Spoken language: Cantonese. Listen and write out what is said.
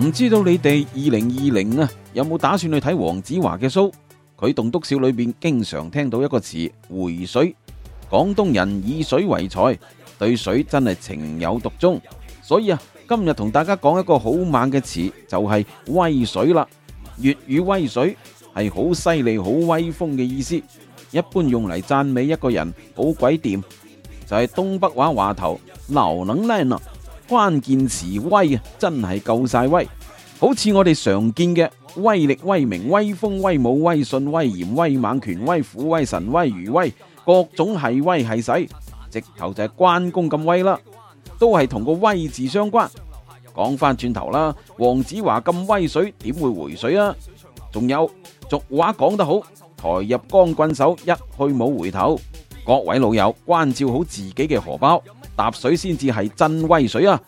唔知道你哋二零二零啊，有冇打算去睇黃子華嘅 show？佢棟篤笑裏邊經常聽到一個詞回水，廣東人以水為財，對水真係情有獨鍾。所以啊，今日同大家講一個好猛嘅詞，就係、是、威水啦。粵語威水係好犀利、好威風嘅意思，一般用嚟讚美一個人好鬼掂。就係、是、東北話話頭，老能耐呢。關鍵詞威啊，真係夠晒威，好似我哋常見嘅威力、威名、威風、威武、威信、威嚴、威猛、權威、虎威、神威、餘威，各種係威係勢，直頭就係關公咁威啦，都係同個威字相關。講翻轉頭啦，黃子華咁威水，點會回水啊？仲有，俗話講得好，財入光棍手一去冇回頭。各位老友，關照好自己嘅荷包。沓水先至係真威水啊！